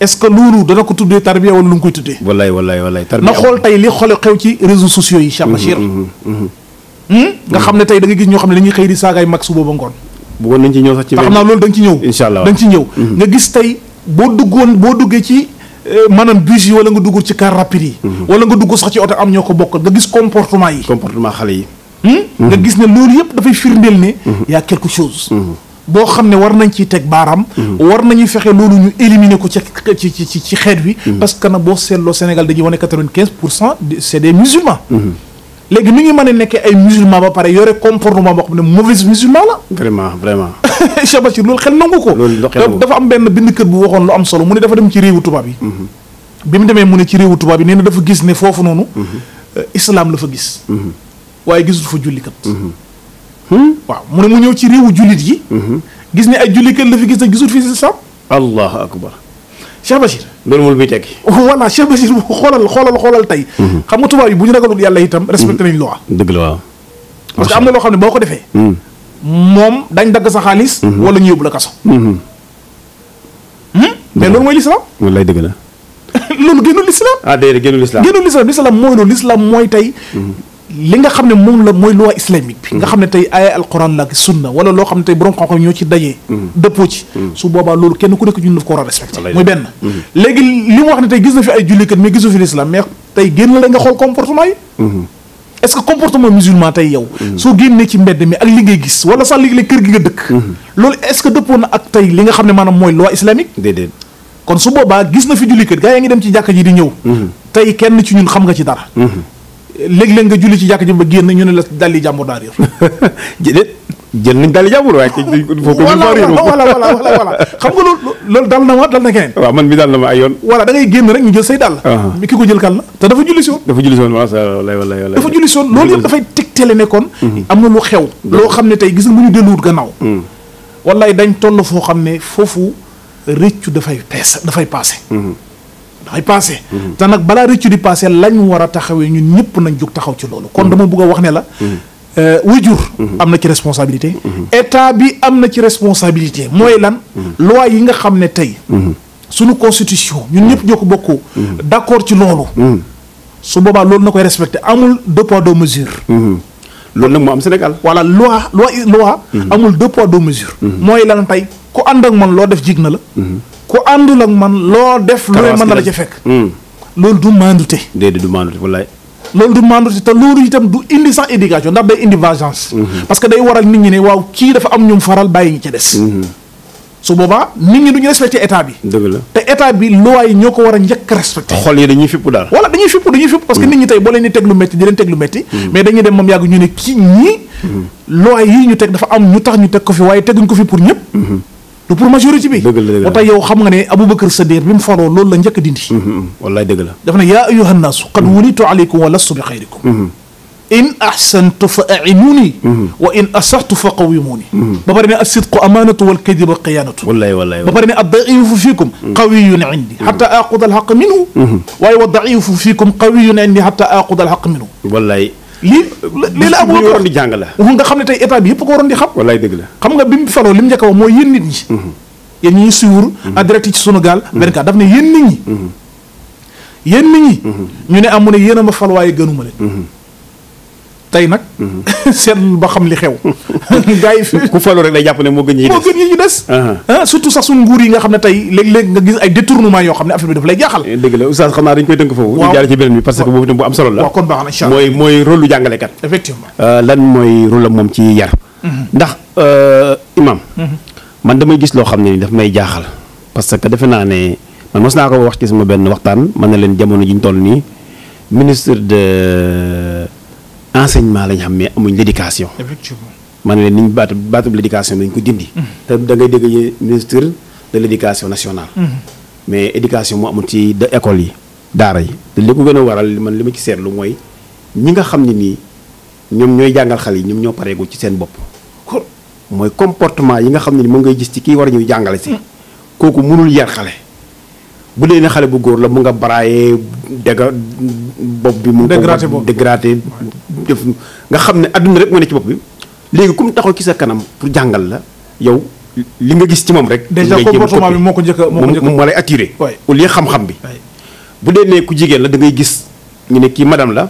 est-ce que loolu dana ko tuddee tarbiya wala lu mu koy tuddee. wallaay wallaay wallaay na xool tey li xool xew ci réseaux sociaux yi. Cheikh Bachir. Hmm? nga xam ne tey da nga gis ñoo xam ne dañuy xëy di saagaay mag su booba ngoon. bëggoon nañ ci ñëw sax ci. xam naa loolu da nga ci ñëw. incha allah da nga ci ñëw. Mm-hmm. nga gis tey boo duggoon boo duggee ci eh, maanaam bus yi wala nga dugg ci car rapide yi. Mm-hmm. wala nga dugg sax ci oto am ñoo ko bokkal nga gis comportement yi. comportement xale yi. Hmm? Mm-hmm. nga gis ne loolu yëpp dafay firndeel ne. y a quelque chose. boo xam ne war nañ ciy teg baaraam. war nañuy fexe loolu ñu éliminer ko ci ci ci ci xeet wi. parce que nag boo seetloo Sénégal dañuy wane quatre-vingt-quinze pour cent c'est des musulmans. léegi nu ngi mën a nekkee ay musulman ba pare yore comportement boo xam ne mauvaise musulman la. vraiment vraiment. (laughs) Cheikh Bachir loolu xel nangu ko. dafa am benn bind kër bu waxoon lu am solo mu ne dafa dem ci réewu tubaab yi. Mhm. bi mu demee mu ne ci réewu tubaab yi nee na dafa gis ne foofu noonu. Mhm. Euh, islam la fa gis. Mhm. waaye gisul fa jullikat. Hmm? waaw mu ne mu ñëw ci réewu jullit yi. gis ne ay jullikat la fi gis ne gisul fi islam. allahu akbar Cheikh Bachir. loolu moom muy tekki. voilà Cheikh Bachir xoolal xoolal xoolal tey. Mhm. xam nga tubaab yi bu ñu ragalul yàlla itam. respecté nañ loi. dëgg la waaw. parce que am na loo xam ne boo ko defee. Mhm. moom dañ dagg sa xaalis. Mhm. wala ñu yóbbu la kaso. Hmm? mais loolu mooy lislaam. wallaay dëgg la. (laughs) loolu génnul lislaam. ah déedéet génnul lislaam génnul lislaam lislaam mooy loolu lislaam mooy tey. li nga xam ne moom la mooy loi islamique bi nga mm-hmm. xam ne tey aaya alquran la ak sunna wala loo xam ne tey borom xam-xam ñoo ci dajee mm-hmm. dëppoo ci mm-hmm. su loolu kenn ku nekk ñun daf ko war a respecté benn léegi li mu wax ne tey gis na fi ay jullikat mais gisu fi l'islam mais tey génn la nga xool comportement yi est-ce que comportement musulman tey yow soo génnee ci mbedd mi ak li ngay gis wala sax léegi kër gi nga dëkk loolu est-ce que dëppoo na ak tey li nga xam ne maanaam mooy loi islamique déedéet kon su boobaa gis na fi jullikat gaa yaa ngi dem ci jàkka ji di ñëw tey kenn ci ñun xam nga ci dara léeg-léeg nga julli ci jàkk ji ba génn ñu ne la dalli jàmbur daa réer déedéet (laughs) jël nañ dalli jàmbur waaye foo ko voilà voilà voilà xam nga loolu loolu dal na ma dal na keneen waaw man mi dal na ma ay yoon voilà da ngay génn rek ñu jël say dàll ah. mi ki ko jël kan la te dafa julli si woon dafa julli si woon wala wala dafa julli si woon loolu yëpp dafay tegtale ne kon mm-hmm. am na lu xew mm-hmm. loo xam ne tey gis nga mu ñu delluwut gannaaw mm. wallaay dañ toll foo xam ne foofu rëccu dafay pees dafay passé mm-hmm. ay passé te nag balaa rëccu di passé lañ war a taxawee ñun ñëpp nañ jug taxaw ci loolu kon dama bëgg wax ne la euh, wajur am na ci responsabilité état bi am na ci responsabilité mooy lan loi yi nga xam ne tey suñu constitution ñun ñëpp ñoo ko bokk d'accord ci loolu su boobaa loolu na koy respecté amul deux poids deux mesures loolu nag moo am Sénégal walla loi loi amul deux poids deux mesures mm-hmm. mooy lan tey ku ànd ak man loo def jig na la mm-hmm. ku àndul ak man loo def. looy mën na la ca fekk. Hmm. loolu du maandute. déedéet du maandute wallaay. loolu du maandute te loolu itam du indi sax éducation ndax day indi vengeance. Hmm. parce que day waral nit ñi ne waaw kii dafa am ñum faral bàyyi ñi ca des. Hmm. su boobaa nit ñi du ñu respecté état bi. dëgg la te état bi loi yi ñoo ko war a njëkk respecté. xol yi dañuy fippu daal. voilà dañuy fippu dañuy fippu parce que nit ñi tey boo leen di teg lu métti di leen teg lu métti. ñu ne kii ñii. ñu teg dafa am ñu tax ñu teg ko fi waaye teguñ ko fi pour ñëpp. du pour majorité bi moo tax yow xam nga ne Aboubacar Sadiq bi mu faloo loolu la njëkk a dindi mm-hmm, mm-hmm. wallaay dëgg la daf ne yaa ayuha nnaasu qad wulitu aleykum wa lastu bi xayrikum mm-hmm. in ahsantu fa ainuni wa in asaxtu fa qawimuni ba pare ne asidqu amaanatu wal kadiba qiyaanatu wallaay wallaay ba pare ne addaifu fiikum qawiyun indi xata aquda alxaq minhu waaye wa daifu fiikum qawiyun indi xata aquda alxaq minhu wallaay lii lii la amul waroon di jàng la nga xam ne tey état bi yëpp ko waroon di xam wallaay dëgg la xam nga bi mu faloo li mu njëkk a wax mooy yéen nit ñi mhm. yéen ñuy suivre mhm. en direct ci Sunugal 24 mhm. daf ne yéen nit ñi yéen nit ñi ñu ne amu ne yéen a ma fal waaye gënuma leen tey nag. Mhm. (laughs) seetlu ba xam li xew. (laughs) gars yi fi ku falu rek day jàpp ne moo gën yi des moo gën yi ñu des. Ah, surtout sax suñu nguur yi nga xam ne tey léeg-léeg nga gis ay détournement yoo xam ne affaire bi daf lay jaaxal. Eh, dëgg la oustaz xam naa dañ koy tënk foofu. waaw ñu jaaree ci beneen bi parce que boobu itam bu am solo la. waaw kon baax na incha allah mooy mooy rôle lu jàngalekat. effectivement euh, lan mooy rôle am moom ci yar. Mhm. ndax euh, imam. Mhm. man damay gis loo xam ne daf may jaaxal parce que defe naa ne man mos naa ko wax ci sama benn waxtaan man na leen jamono ji ñu toll nii ministre de enseignement lañ xam mais amuñ l'éducation effectivement ma ne leen niñ baatu baatu l'éducation dañ ko dindi mm-hmm. te da ngay dégg ministre de l'éducation nationale mm-hmm. mais édication moo amul ci da école yi daara yi te li ko gën a waral man li ma ci seetlu mooy ñi nga xam ne nii ñoom ñooy jàngal xale yi ñoom ñoo pareegul ci seen bopp mooy comportement yi nga xam ne ni moom ngay gis ci kii war a ñuy jàngale si mm. kooku mënul yar xale bu dee ne xale bu góor la mu nga baraaye dégga bopp bi mu ko dégraté def nga xam ne adduna rek moo ne ci bopp bi léegi comme taxaw ci sa kanam pour jàngal la yow li nga gis ci moom rek déjà comportement bi moo ko njëkk moom moo lay attiré au lieu xam bi bu dee ku jigéen la da ngay gis ñu ne kii madame la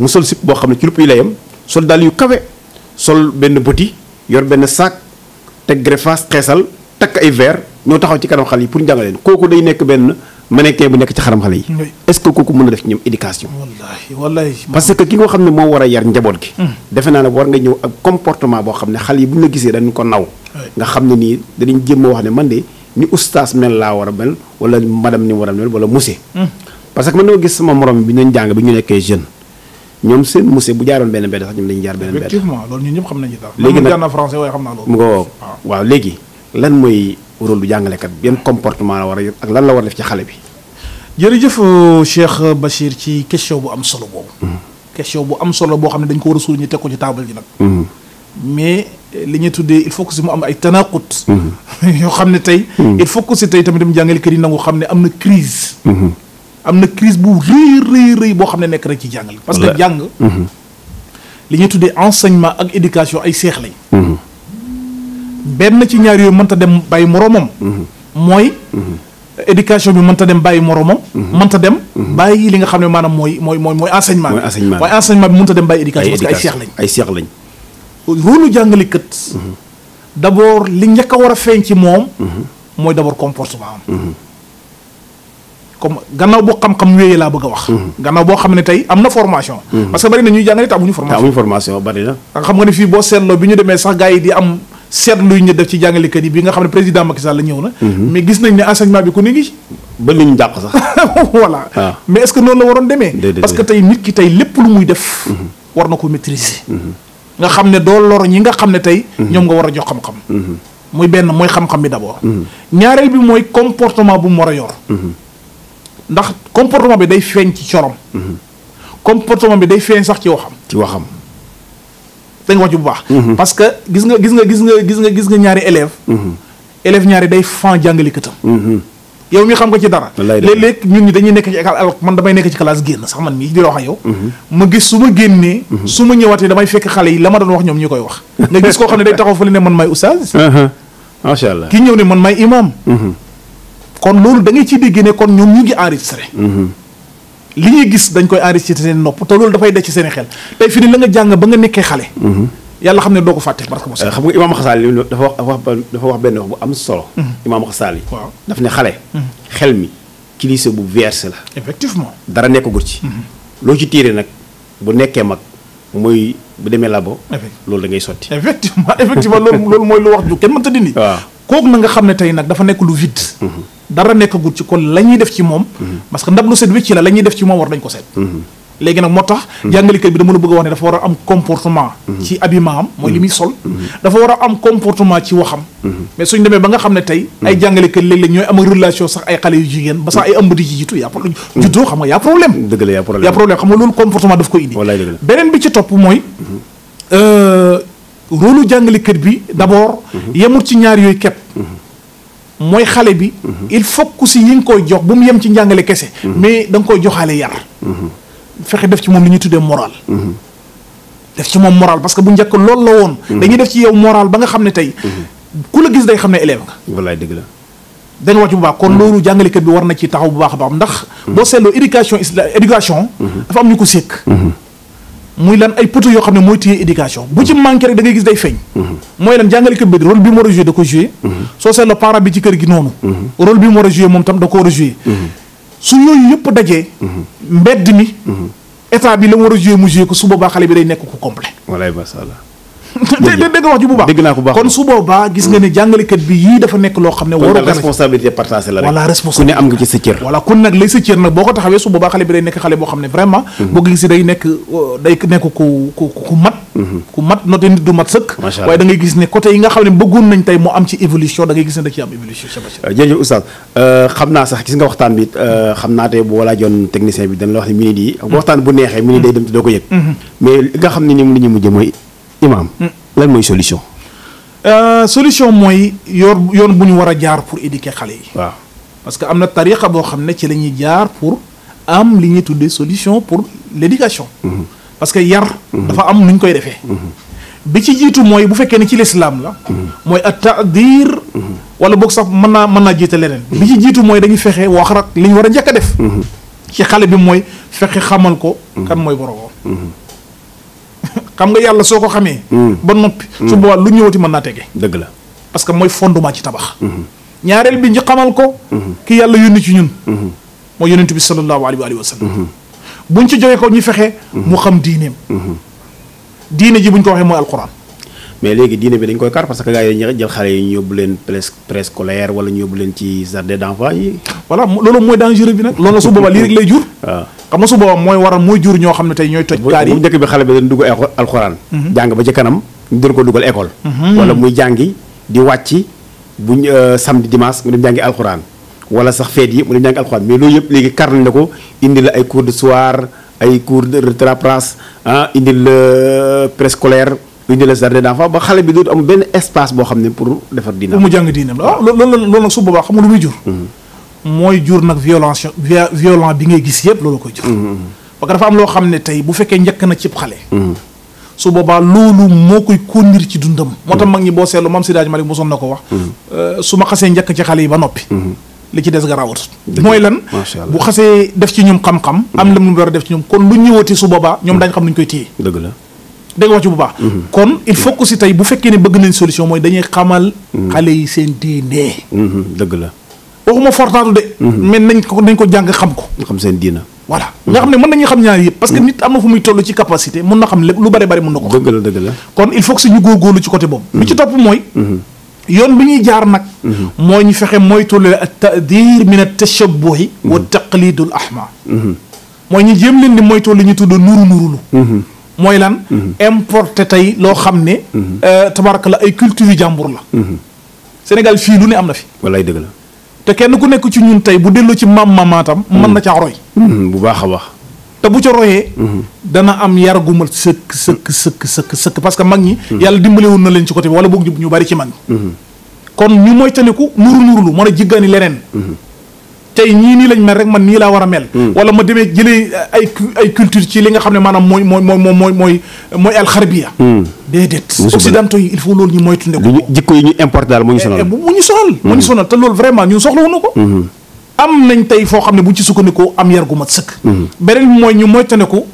mu sol sip boo xam ne ci lupp yi la yem sol daal yu kawe sol benn boti yor benn sac teg greffage xeesal takk ay verre ñoo taxaw ci kanam xale yi pour njàngaleen kooku day nekk benn mannequin bu nekk ci xaram xale yi. est kooku mën na def ci ñoom éducation. parce que ki nga xam ne moo war a yar njaboot gi. Hmm. defe naa ne war nga ñëw ak comportement boo xam ne xale yi bu ñu la gisee dañu ko naw. nga xam ne nii danañ jéem a wax ne man de ni oustaz mel laa war a mel wala madame ni mu war a mel wala monsieur. Hmm. parce que man dama gis sama morom bi ñu jàng bi ñu nekkee jeune. ñoom rôle lu jàngalekat bi yan comportement la war a yor ak lan la war a def ci xale bi. jërëjëf Cheikh Bachir ci question bu am solo boobu. Hmm. question bu am solo boo xam ne dañ ko war a suul ñu teg ci taabal ji nag. Hmm. mais eh, li ñuy tuddee il faut que si mu am ay tanaqut. Hmm. (laughs) yoo xam ne tey. il faut que si tey tamit dem jàngalekat yi nangu xam ne am na crise am na crise bu rëy rëy rëy boo xam ne nekk rek ci jàngal. parce que jàng. li ñuy tuddee enseignement ak éducation ay seex lañ. benn ci ñaar yooyu mënta dem bàyyi moroomam mhm. mooy mhm. éducation bi mënta dem bàyyi moroomam mhm. mënta dem bàyyi li nga xam ne maanaam mooy mooy mooy mooy enseignement bi waaye enseignement bi mënta dem bàyyi éducation parce que ay seex lañ ay seex lañ roolu jàngalekat li njëkk a war a feeñ ci moom mooy d'abord comportement am comme gannaaw boo xam-xam wéyee laa bëgg a wax gannaaw boo xam ne tey am na formation parce que bari na ñuy jàngale te amuñu formation bari na xam nga ne fii boo seetloo bi ñu demee sax gay yi seet yi ñu def ci jàngalekat yi bi nga xam ne président Macky Sall la ñëw na. Mhm. mais gis nañ ne enseignement bi ku ne ngi. ba li ñu dàq sax. (laughs) voilà ah. mais est-ce que noonu la waroon demee. parce que tey nit ki tey lépp lu muy def. Mhm. war na ko maîtriser. Mhm. nga xam ne doo lor ñi nga xam ne tey. ñoom nga war a jox xam-xam. muy benn mooy xam-xam bi d'abord. ñaareel bi mooy comportement bu mu war a yor. ndax comportement bi day feeñ ci corom. comportement bi day feeñ sax ci waxam. ci waxam. da nga wax ci bu baax. Mhm. parce gis nga gis nga gis nga gis nga gis nga ñaari élève mhm. élève ñaari day fan jàngalikatam. Mhm. yow mi xam ko ci dara. léeg ñun ñi dañuy nekk ci école alors man damay nekk ci classe génn sax man mii di wax yow. ma gis su ma génnee. su ma ñëwaatee damay fekk xale yi la ma doon wax ñoom ñu koy wax. nga gis koo xam ne day taxaw fële ne man may oustaz. Uh-huh. ki ñëw ne man may imam. kon loolu da ngay ciy dégg ne kon ñoom ñu ngi enregistré. li ñuy gis dañ koy enrichir ci seen nopp te loolu dafay des ci seen i xel tey fi ni la nga jàng ba nga nekkee xale. Mhm. yàlla xam ne doo ko fàtte parce que euh, xam nga imaam Xasaali dafa wax dafa wax benn wax bu am mhm. daf ne xale. Mhm. xel mi kilisa bu verse la. effectivement dara nekkagul ci. loo ci tiire nag bu nekkee mag mooy bu demee labo. loolu da ngay sotti. effectivement effectivement loolu mooy lu wax ju kenn mënta dindi. waaw kooku na nga xam ne tey nag dafa nekk lu vide. dara nekkagul ci kon la ñuy def ci moom. parce que ndab lu set wécci la la ñuy def ci moom war dañ ko seet. léegi nag moo tax. jàngalikat bi dama la bëgg a wax ne dafa war a am comportement. ci habillement am mooy li muy sol. dafa war a am comportement ci waxam. mais suñ demee ba nga xam ne tey. ay jàngalikat léeg-léeg ñooy am relation sax ay xale yu jigéen ba sax ay ëmb di ci jiitu yaa problème juddoo xam nga yaa problème. dëgg la yaa problème rôle jàngalekat bi d'abord. yemul ci ñaar yooyu képp. mooy xale bi. il faut que si yi nga koy jox bu mu yem ci njàngale kese. mais danga koy joxaale yar. fexe def ci moom li ñuy tuddee moral. def ci moom moral parce que bu njëkk loolu la woon. dañuy def ci yow moral ba nga xam ne tey. ku la gis day xam ne élève nga. wallaay dëgg la. dañ wàcc bu baax kon loolu jàngalekat bi war na ci taxaw bu baax a baax ndax. boo seetloo éducation islam éducation. dafa am ñu ko séq muy lan ay poteaux yoo xam ne mooy téye éducation bu ci manqué rek da gis day feeñ mooy lan jàngalekat bi rôle bi mu war a joué da ko joué soo seetloo parent bi ci kër gi noonu role bi mu war a joué moom tam da ko war a joué su yooyu yëpp dajee mbedd mi état bi la mu war a joué mu joué ko su boobaa xale bi day nekk ku complet walaay ba dégg wax ji bu baax bu baax kon su boobaa gis nga ne jàngalekat bi yii dafa nekk loo xam ne waru responsabilité partagée la rek sa cër voilà ko nekk xale xam ne vraiment mhm. boo ko euh, mhm. nit da ngay gis ne yi nga xam ne bëggoon nañ tey moo am ci évolution da ngay gis ne da euh, euh, naa sax gis nga waxtaan bi xam naa bi dañ la wax ne minute yi bu neexee minute day mhm. dem te doo ko yëg mais nga xam ne ni mu li ñu mujj mooy imaam lan mooy solution. Euh, solution mooy yoon yoon bu ñu war a jaar pour éduquer xale yi. parce que am na tariqa boo xam ne ci lañuy jaar pour am li ñuy tuddee solution pour l'éducation. Mhm. parce que yar. Mhm. dafa am nu ñu koy defee. Mhm. bi ci jiitu mooy bu fekkee ne ci lislaam la. mooy at taadir wala boog sax mën naa mën naa jiite leneen. bi ci jiitu mooy dañuy fexe wax rak li ñu war a njëkk def. ci xale bi mooy fexe xamal ko. kan mooy boroomam. xam nga yàlla soo ko xamee. Hmm. ba noppi. Hmm. su boobaa lu ñëwati mën naa tege. dëgg la parce que mooy fondement ci tabax. Hmm. ñaareel bi ñu xamal ko. ki yàlla yónni ci ñun. mooy yonent bi sallallahu alayhi wa bu buñ ci jógee ko ñu fexe. mu xam diineem. diine ji buñ ko waxee mooy alquran. mais léegi diine bi dañ koy kar parce que gars yi dañuy jël xale yi ñu yóbbu leen préscolaire wala ñu yóbbu leen ci jardin d'enfants yi. voilà loolu mooy dangereux bi nag loolu su boobaa lii rek lay jur. waaw ah. xam su boobaa mooy waral mooy jur ñoo xam ne tey ñooy toj. kaar yi bu njëkk bi xale bi dañ dugg alxuraan. Mhm. jàng ba ci kanam mhm. di wàcc buñ euh, samedi dimanche mu dem jàngi alxuraan. wala sax feet yi mu dem jàngi alxuraan mais loolu yëpp léegi kar nañ la ko indi la ay cours de soir dañu jëlee jardin d'enfant xale bi dootu am benn espace boo xam ne pour defar diina pour mu jàng diinam la loolu nag su boobaa xam nga lu muy jur mm-hmm. mooy jur nag violent bi ngay gis yëpp loolu koy jur mm-hmm. parce que dafa am loo xam ne tey bu fekkee njëkk na cib xale mm-hmm. su boobaa loolu moo koy conduire ci dundam moo tam mag ñi boo si maam ma Malik mosoon na ko wax euh, su ma xasee njëkk ci xale yi ba noppi li ci des garaawut mooy lan bu xasee def ci ñoom xam-xam am lam mu war a def ci ñoom kon lu ñëwati su boobaa ñoom daañ xam nuñ koy téye dëgg la dégg wax ci bu baax. kon mhm. il faut que si tey bu fekkee ne bëgg nañ solution mooy dañuy xamal. Mhm. xale yi seen diine. Mhm, dëgg la. waxuma fortaatu de. mais nañ ko nañ ko jàng xam ko. xam seen diina. voilà nga xam ne mën nañuy xam ñaar yëpp parce que nit am na fu muy toll ci capacité mun na xam lépp lu bari bari mun na ko. dëgg la dëgg la kon il faut que si ñu góorgóorlu ci côté boobu. li ci topp mooy. yoon bi ñuy jaar nag. moo ñu fexe moytule at tadir min at tashabbuhi wa taqlidul ahma. mooy ñu jéem leen di moytoo li ñu tudd nuru mooy lan. Mm-hmm. importé tey loo xam ne. Mm-hmm. Euh, tabaraka la ay culture yu jàmbur la. Mm-hmm. Sénégal fii lu ne am na fi. wallaay dëgg te kenn ku nekk ci ñun tey bu delloo ci maam maamaatam. mën na caa roy. bu baax a baax. te bu ca royee. dana am yar gu ma sëkk sëkk sëkk sëkk parce que mag ñi. yàlla dimbale woon na leen ci côté bi wala boog ñu bari ci mag ñi. kon ñu moytandiku nuru nuru lu mën a jiggaani leneen. tey ñii nii lañ mel rek man nii laa war a mel hmm. wala ma demee jëlee ay ay culture ci li nga xam ne maanaam mooy mooy mooy mooy mooy mooy mooy alxarbiya hmm. déedéet occidentaux yi il faut loolu ñu moytu ndeko jikko yi ñu importé daal eh, eh, mu ñu sonal mu ñu sonal mu ñu sonal te loolu vraiment ñun soxla wuñu ko hmm. am nañ tey foo xam ne bu ñu ci sukkandikoo am yar gu mat sëkk beneen bi mooy ñu moytandiku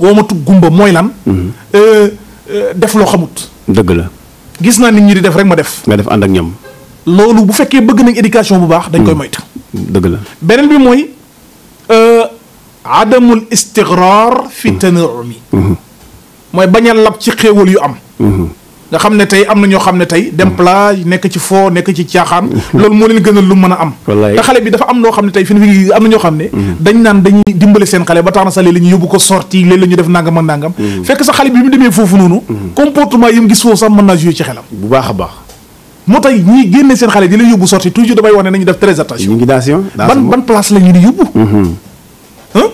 woomatu gumba mooy lan euh, euh, def loo xamut dëgg la gis naa nit ñi di def rek ma def nga def ànd ak ñoom loolu bu fekkee bëgg nañ éducation bu baax dañ koy moytu dëgg la beneen bi mooy euh, adamul istigraar fi mm-hmm. tanaumi mm-hmm. mooy bañ a lab ci xéewal yu am mm-hmm. nga xam ne tey am na ñoo xam ne tey dem plage nekk ci foo nekk ci caaxaan loolu moo leen gënal lu mën a am te xale bi dafa am loo xam ne tey fi mu am na ñoo xam ne dañ naan dañuy dimbale seen xale ba tax na sax léeg la ñu yóbbu ko sorti léeg la ñu def nangam ak nangam fekk sa xale bi mu demee foofu noonu comportement yi mu gis foofu sax mën naa joué ci xelam bu baax a baax moo tax ñiy génne seen xale di la yóbbu sorti toujours damay wax ne nañu def très attention. ban ban place la ñu yóbbu. Mhm.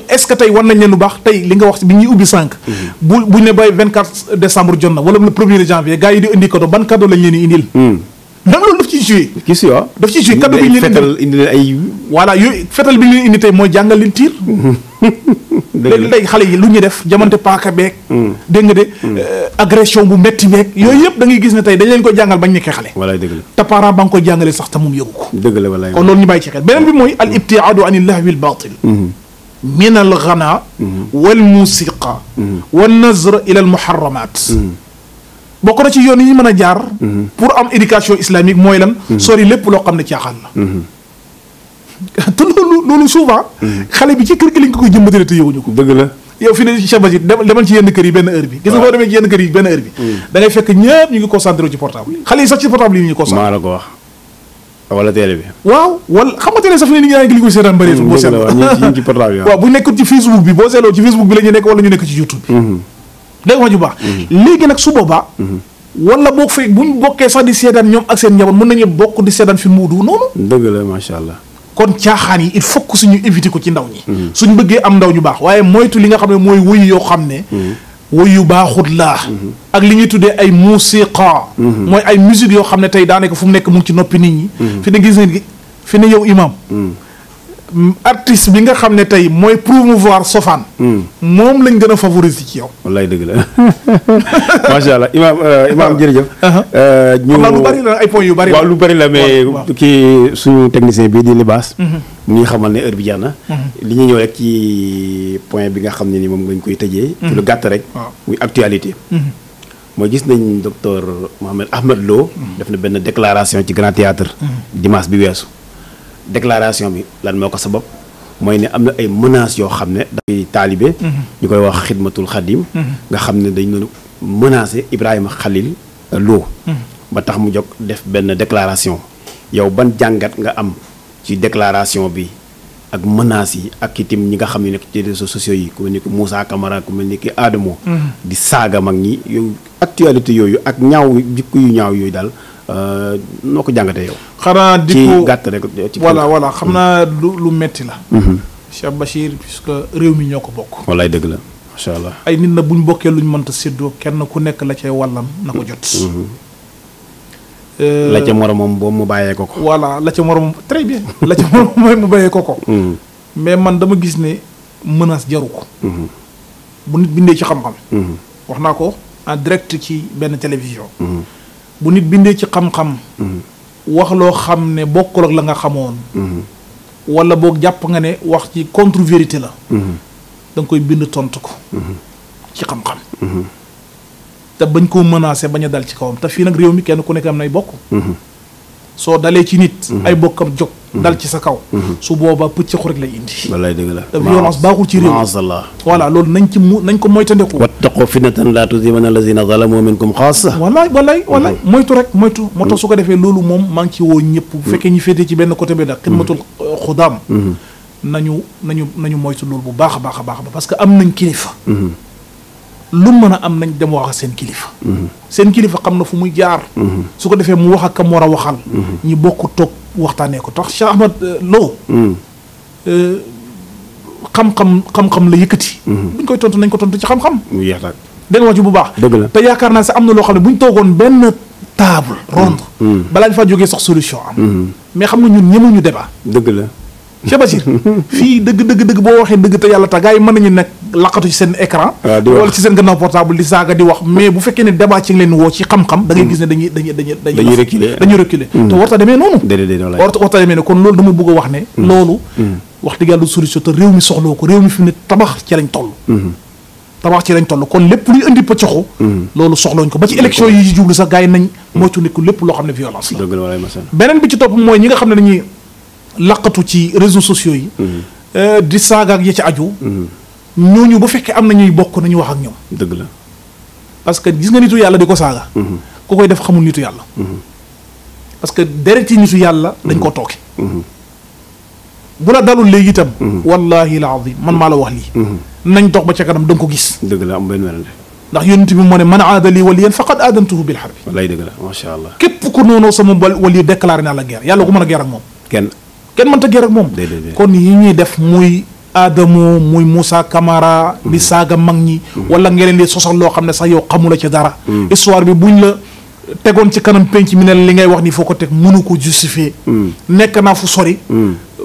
est-ce que tey war nañ leen lu baax tey li nga wax bi ñuy ubbi sànq. Mhm. bu buñ ne bay 24 décembre jot na wala le premier janvier gars yi di indi cadeau ban cadeau lañ leen di indil. Hmm. ndax loolu daf ciy joué. gis yoo ah. daf ciy joué cadeau bi ñu leen indi ay voilà yooyu fetal bi ñu leen indi tey mooy jàngal leen tiir. Mhm. dëgg léegi xale yi lu ñu def jamante paaka beeg. Hmm. dégg nga de hmm. euh, agression bu metti beeg yooyu yëpp da ngay gis ne tey dañ leen ko jàngal bañ nekkee xale. walaay dëgg la te parent ko jàngalee sax te mu yëgu ko. dëgg la walaay kon ñu bàyyi ci xel beneen bi mooy al ibtiaadu an illahwi al baatil. Hmm. min al ghana. wal musiqa. wal nazr ila al muharramat. bokk na ci yoon yi ñu mën a jaar. pour am éducation islamique mooy lan. sori lépp loo xam ne caaxaan la. te loolu loolu souvent. Mm-hmm. xale bi ci kër gi lañ ko koy jëmbatale te yëguñu ko. dëgg la yow fi ne Cheikh demal ci yenn kër yi benn heure bi. gis nga boo demee ci yenn kër yi benn heure bi. Mm. da ngay fekk ñëpp ñu ngi concentré ci portable xale yi sax ci portable yi ñu concentré. maa la ko wax. wala télé bi waaw wala xam nga télé sax fi ne ni nga naan li koy seetaan bëreetul boo mm, seetloo waaw (laughs) bu nekk ci Facebook bi boo seetloo ci Facebook bi la ñu nekk wala mm-hmm. mm-hmm. sax di seetaan ñoom ak seen njaboot mën nañu bokk di kon caaxaan yi il faut que suñu éviter ko ci ndaw ñi. suñu bëggee am ndaw ñu baax waaye moytu li nga xam ne mooy woyu yoo xam ne. woyu baaxut laa. ak li ñuy tuddee ay musiqa. mooy ay musique yoo xam ne tey daanaka fu mu nekk mu ngi ci noppi nit ñi. fi ne gis ngeen fi ne yow imam artiste bi nga xam ne tey mooy promouvoir sofaan. Hmm. moom lañ gën a favoriser ci yow. wallaay dëgg la (laughs) macha allah imaam euh, (laughs) imaam ah. jërëjëf. Uh-huh. Euh, ñu xam lu bari la ay yu bari la lu bari la mais kii suñu technicien bii di libaas. mu mm-hmm. ngi xamal ne heure bi jeex mm-hmm. li ñuy ñëw rek ci point bi nga xam ne ni moom lañ koy tëjee. ci lu mm-hmm. gàtt rek. muy actualité. mooy gis nañ docteur Mohamed Ahmed Lo. def na benn déclaration ci Grand Théâtre dimanche bi weesu. déclaration bi lan moo ko sabab mooy ne am na ay menaces yoo xam ne dafay taalibe mhm. ñu koy wax xidmatul xadim mhm. nga xam ne dañ doon menacé Ibrahima Khalil Lo mhm. ba tax mu jóg def benn déclaration yow ban jàngat nga am ci déclaration bi ak menaces yi ak itam ñi nga xam ne nekk ci réseaux sociaux yi ku mel ni ki Moussa Camara ku mel ni ki Adamo mm-hmm. di saaga mag ñi yow actualité yooyu ak ñaaw jikko yu ñaaw yooyu daal euh, noo ko jàngatee yow. xanaa di ko ci gàtt rek ci. voilà voilà xam mm-hmm. naa lu lu metti la. Mm-hmm. Cheikh Bachir puisque réew mi ñoo ko bokk. wallaay dëgg la macha allah. ay nit na bu bokkee lu ñu mënta séddoo kenn ku nekk la cay wàllam na ko jot. Euh, la ca moromam boobu mu bàyyee ko ko. voilà la ca moromam très bien la ca moromam mu bàyyee ko ko. Mm. mais man dama gis ne mënaas jaru ko. Mm-hmm. bu nit bindee ci xam-xam. Mm-hmm. wax naa ko en direct ci benn télévision. Mm-hmm. bu nit bindee ci xam wax loo xam ne bokkul ak la nga xamoon. wala boog jàpp nga ne wax ci contre vérité la. da koy bind tontu ko. ci xam-xam. te bañ koo menacer bañ a dal ci kawam te fii nag réew mi kenn ku nekk am nay bokk. soo dalee ci nit. Mhm. ay bokkam jóg. Mhm. dal ci sa kaw. Mhm. su boobaa pëccaxu rek lay indi. wallaay dëgg la te violence baaxul ci réew mi voilà loolu nañ ci mu nañ ko moytandiku. wattaqu fitnatan laa tusiibanna allaziina zalamu minkum xaassa. wallaay wallaay wallaay moytu rek moytu. moo tax su ko defee loolu moom maa ngi ci woo ñëpp. bu fekkee ñu féetee ci benn côté bi daal xidmatul xudaam. nañu nañu nañu moytu loolu bu baax a baax a baax parce que am nañ kilifa. lu mën a am nañ dem wax a seen kilifa. seen kilifa xam na fu muy jaar. su ko defee mu wax ak kam war a waxal. ñi bokk toog waxtaanee ko tax Cheikh Ahmad euh, Lo. Euh, xam-xam xam-xam la yëkkati. buñ koy tontu nañ ko tontu ci xam-xam. muy yeex dégg nga wax ci bu baax. dëgg la te yaakaar naa sax am na loo xam ne bu ñu toogoon benn table ronde. Mm. Mm. balaa ñu faa jógee sax solution am. Mm. mais xam nga ñun ñemuñu débat. dëgg la. Cheikh dëgg dëgg dëgg boo waxee dëgg te yàlla tax gars yi mën nañu nekk laqatu ci seen écran ah, wala ci seen gannaaw portable di saaga di wax mais bu fekkee ne débat ci leen woo ci xam-xam da hmm. gis ne dañuy reculer hmm. te warta demee noonu warta warta ne kon loolu dama bëgg a wax ne hmm. loolu wax dëgg yàlla solution te réew mi soxloo ko réew mi fi ne tabax ci lañ toll tabax ci lañ toll kon lépp luy indi pëccaxu loolu soxlooñ ko ba ci élection yi jublu sax gars yi nañ moytu ne ko lépp loo nga xam ne dañuy laqatu ci réseau sociaux yi. Mhm. Euh, di saagaak ya ci aju. Mhm. ñu ba fekkee am na ñuy bokk nañu wax ak ñoom. dëgg la parce que gis nga nitu yàlla di ko saaga. Mhm. ku koy def xamul nitu yàlla. parce que deret yi nitu yàlla. dañ koo tooke. bu la dalul léegi itam. wallaahi la azim man maa la wax lii. nañ toog ba ca kanam da ko gis. dëgg la am benn werante ndax yonent bi moo ne man aada lii waliyan faqad aadantuhu bil harbi. wallaay dëgg la macha képp ku noonu sama wali déclaré naa la guerre yàlla ku mën a guerre ak kenn mënta guerre ak moom. kon yi ñuy def muy Adamo muy Moussa Camara. Mm-hmm. di saaga mag ñi. Mm-hmm. wala nga leen di sosal loo xam ne sax yow xamula ci dara. Mm-hmm. histoire bi buñ la tegoon ci kanam penc mi ne li ngay wax nii foo ko teg mënu ko justifier. nekk naa fu sori.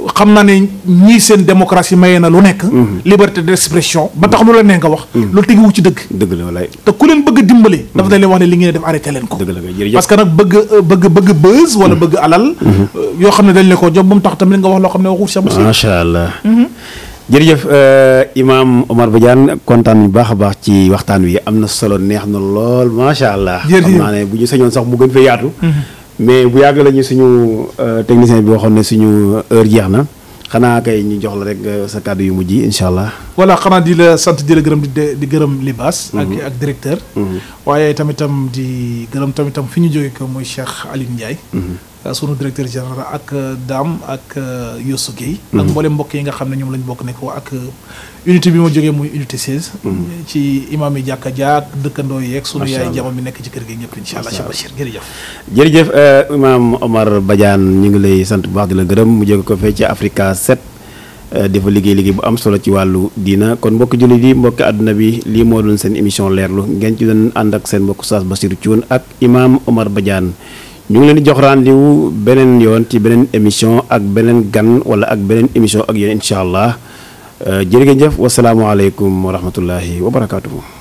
xam naa ne ñii seen démocratie maye na lu nekk. Mhm. liberté d'expression ba tax lu la nee nga wax. Mhm. loolu teguwu ci dëgg. dëgg la walaay te ku leen bëgg a dimbale. Mhm. dafa dañ leen wax ne li ngeen def arrêté leen ko. dëgg nag bëgg bëgg bëgg buzz. bëgg alal. Euh, yoo xam ne dañ leen ko jox ba mu tax tamit nga wax loo xam ne waxu sa. macha allah. jërëjëf euh, Imaam Omar Badiane kontaan bu baax a baax ci waxtaan wi am na solo neex na lool macha allah. jërëjëf xam naa ne bu ñu sañoon sax mu gën fee yaatu. mais bu yàgg la ñu suñu euh, technicien bi waxoon ne suñu euh, heure jeex na xanaa kay ñu jox la rek euh, sa kàddu yu mujj incha allah. voilà xanaa di la sant di la gërëm di di gërëm Libaas. ak mhm. ak directeur. Mhm. waaye tamitam di gërëm tamitam fi ñu jógee ko mooy Cheikh Aliou Ndiaye. Mhm. Euh, sunu directeur général ak euh, Dame ak euh, Youssou Guèye. Mm-hmm. ak mboole mbokk yi nga xam ne ñoom lañu bokk nekk ak unité bi ma jógee muy unité 16. Mm-hmm. ci imaam yi jàkka jaak dëkkandoo yeeg. sunu yaay jama mi nekk ci kër gi ñëpp incha allah ci Bachir jërëjëf. jërëjëf imaam Omar Badiane ñu ngi lay sant bu baax di la gërëm mu jóge ko fee ci Africa 7. dafa liggéey liggéey bu am solo ci wàllu diina kon mbokki jullit yi mbokki àdduna bi lii moo doon seen émission leerlu ngeen ci doon ànd ak seen mbokk Oustaz Bassirou Thioune ak imaam Omar Badiane ñu ngi leen di jox rendez-vous beneen yoon ci beneen émission ak beneen gan wala ak beneen émission ak yéen incha allah euh, jërë ngeen jëf wasalaamualeykum wa rahmatullahi wa barakaatuhu.